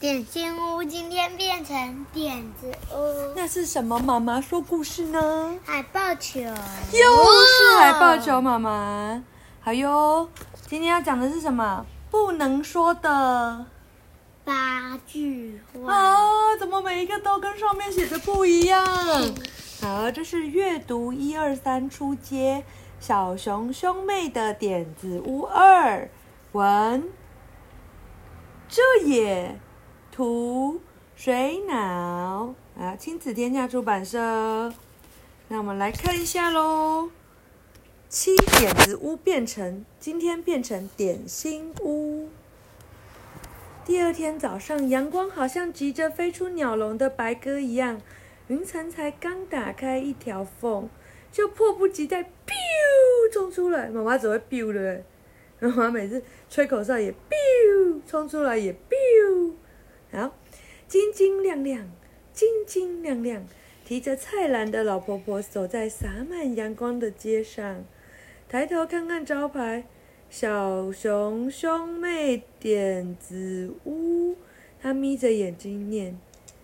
點心屋今天變成點子屋，那是什麼？媽媽說故事呢？海豹球，就是海豹球。哦、媽媽，好喲。今天要講的是什麼？不能說的八句話。啊，怎麼每一個都跟上面寫的不一樣？好，這是閱讀一二三初階小熊兄妹的點子屋二文，哲也。圖水腦啊，親子天下出版社。那我們來看一下嘍。七、點子屋變成，今天變成點心屋。第二天早上，陽光好像急着飛出鳥籠的白鴿一樣，雲層才剛打開一條縫，就迫不及待 biu 衝出來。媽媽只會 biu 的，然後媽媽每次吹口哨也 biu 衝出來也 biu。好，晶晶亮亮，晶晶亮亮，提着菜籃的老婆婆走在灑滿陽光的街上，抬頭看看招牌，小熊兄妹點子屋。她眯着眼睛念，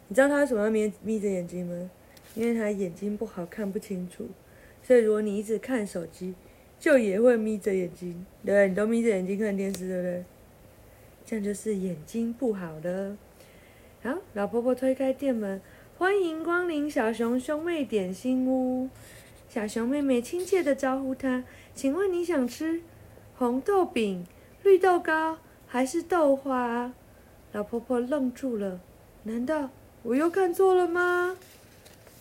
你知道她為什麼要眯眯着眼睛嗎？因為她眼睛不好，看不清楚。所以如果你一直看手機，就也會眯着眼睛。對，你都眯着眼睛看電視，對不對？這樣就是眼睛不好了。好、啊，老婆婆推開店門，歡迎光臨小熊兄妹點心屋。小熊妹妹親切地招呼她：“請問你想吃紅豆餅、綠豆糕，還是豆花？”老婆婆愣住了，難道我又看錯了嗎？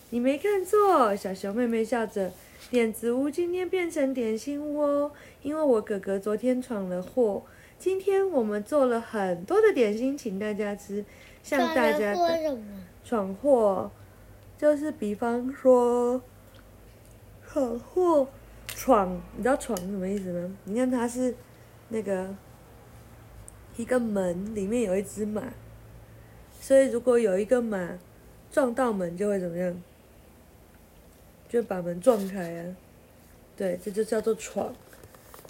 你沒看錯，小熊妹妹笑着：“點子屋今天變成點心屋哦，因為我哥哥昨天闖了禍。”今天我們做了很多的點心，請大家吃。像大家的闖禍，就是比方說闖禍，闖，你知道闖是什麼意思嗎？你看它是那個一個門，裡面有一隻馬，所以如果有一個馬撞到門，就會怎麼樣？就把門撞開啊！對，這就叫做闖。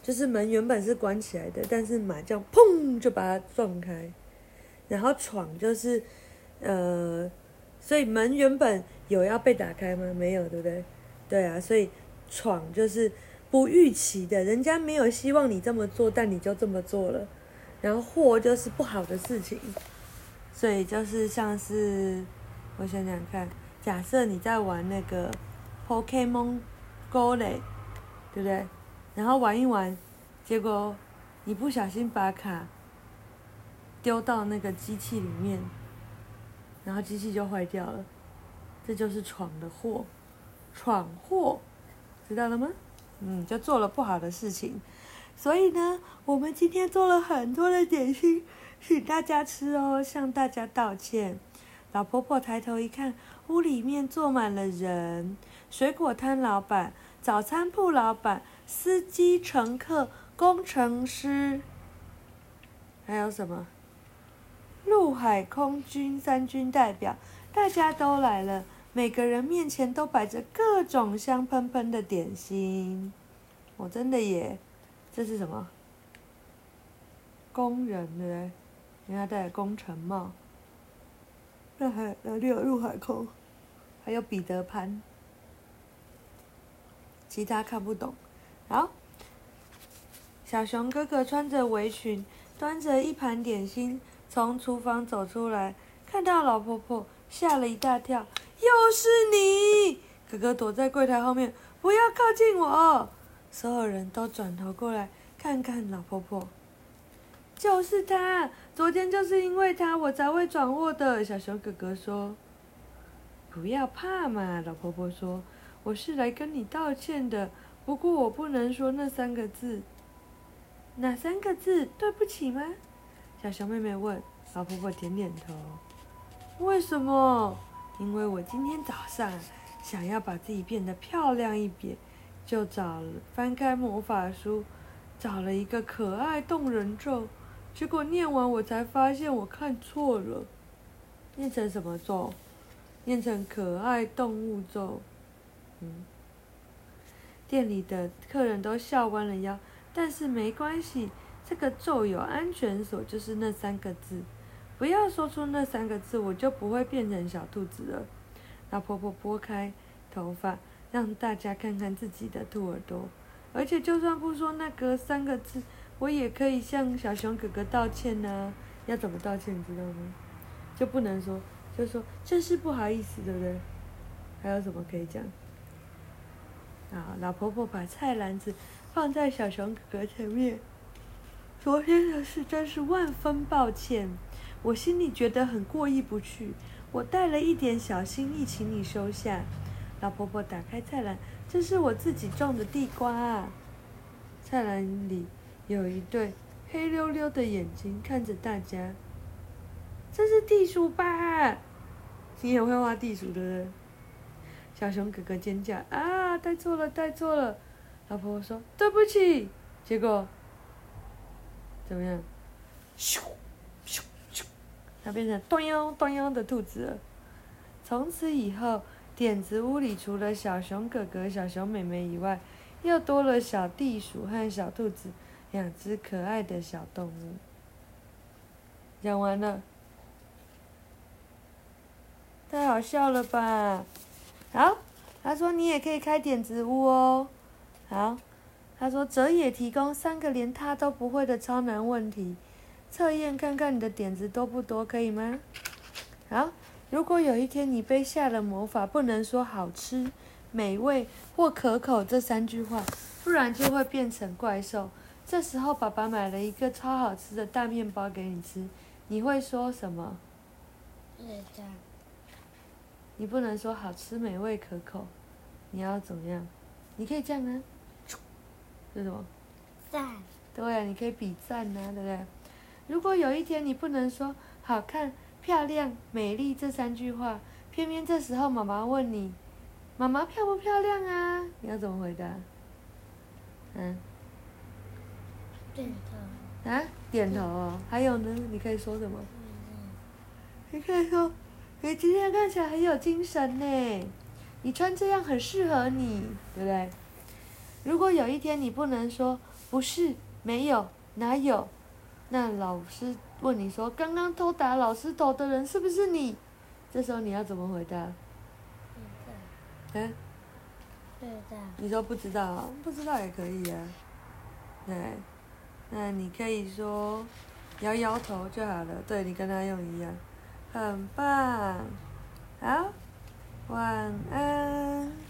就是門原本是關起來的，但是麻將砰就把它撞開，然後闖就是，呃，所以門原本有要被打開嗎？沒有，對不對？對啊，所以闖就是不預期的，人家沒有希望你這麼做，但你就這麼做了，然後禍就是不好的事情，所以就是像是，我想想看，假設你在玩那個 Pokemon Go 呢，對不對？然後玩一玩，結果你不小心把卡丟到那個機器裡面，然後機器就壞掉了。這就是闖的禍，闖禍，知道了嗎？嗯，就做了不好的事情。所以呢，我們今天做了很多的點心，請大家吃哦，向大家道歉。老婆婆抬頭一看，屋裡面坐滿了人，水果攤老闆，早餐鋪老闆。司機、乘客、工程師，還有什麼？陸海空軍三軍代表，大家都來了。每個人面前都擺着各種香噴噴的點心。我真的耶，這是什麼？工人對不對？人家戴着工程帽。那還，哪裡有陸海空，還有彼得潘，其他看不懂。好，小熊哥哥穿着圍裙，端着一盤點心從廚房走出來，看到老婆婆嚇了一大跳，又是你！哥哥躲在櫃檯後面，不要靠近我！所有人都轉頭過來，看看老婆婆，就是他！昨天就是因為他，我才會闖禍的。小熊哥哥說：“不要怕嘛！”老婆婆說：“我是來跟你道歉的。”不過我不能說那三個字，哪三個字？對不起嗎？小熊妹妹問。老婆婆點點頭。為什麼？因為我今天早上想要把自己變得漂亮一點，就找了翻開魔法書，找了一個可愛動人咒，結果念完我才發現我看錯了。念成什麼咒？念成可愛動物咒。嗯。店裡的客人都笑彎了腰，但是沒關係，這個咒有安全鎖，就是那三個字，不要說出那三個字，我就不會變成小兔子了。老婆婆撥開頭髮，讓大家看看自己的兔耳朵，而且就算不說那個三個字，我也可以向小熊哥哥道歉呢、啊。要怎麼道歉，你知道嗎？就不能說，就說真是不好意思，對不對？還有什麼可以講？啊！老婆婆把菜籃子放在小熊哥哥前面。昨天的事真是萬分抱歉，我心裡覺得很過意不去。我帶了一點小心意，請你收下。老婆婆打開菜籃，這是我自己種的地瓜啊。菜籃裡有一對黑溜溜的眼睛看着大家。這是地鼠吧？你也會挖地鼠的。小熊哥哥尖叫啊！帶錯了，帶錯了，老婆婆說，對不起，結果怎麼樣？咻，咻，咻，它變成咚樣咚樣的兔子了。從此以後，點子屋裡除了小熊哥哥、小熊妹妹以外，又多了小地鼠和小兔子兩隻可愛的小動物。講完了，太好笑了吧？好。他說你也可以開點子屋哦，好。他說哲也提供三個連他都不會的超難問題，測驗看看你的點子多不多，可以嗎？好，如果有一天你被下了魔法，不能說好吃、美味或可口這三句話，不然就會變成怪獸。這時候爸爸買了一個超好吃的大麵包給你吃，你會說什麼？你不能說好吃美味可口，你要怎麼樣？你可以這樣呢，這什麼？讚讚。對呀、啊，你可以比讚吶、啊，對不對？如果有一天你不能說好看、漂亮、美麗這三句話，偏偏這時候媽媽問你：“媽媽漂不漂亮啊？”你要怎麼回答？嗯、啊。點頭。啊？點頭、哦嗯、還有呢？你可以說什麼？嗯嗯，你可以說。你今天看起來很有精神呢，你穿這樣很適合你，嗯，對不對？如果有一天你不能說不是、沒有、哪有，那老師問你說，剛剛偷打老師頭的人是不是你？這時候你要怎麼回答？嗯？對。你說不知道，啊，不知道也可以啊，對，那你可以說搖搖頭就好了，對，你跟他用一樣。很棒，好，晚安。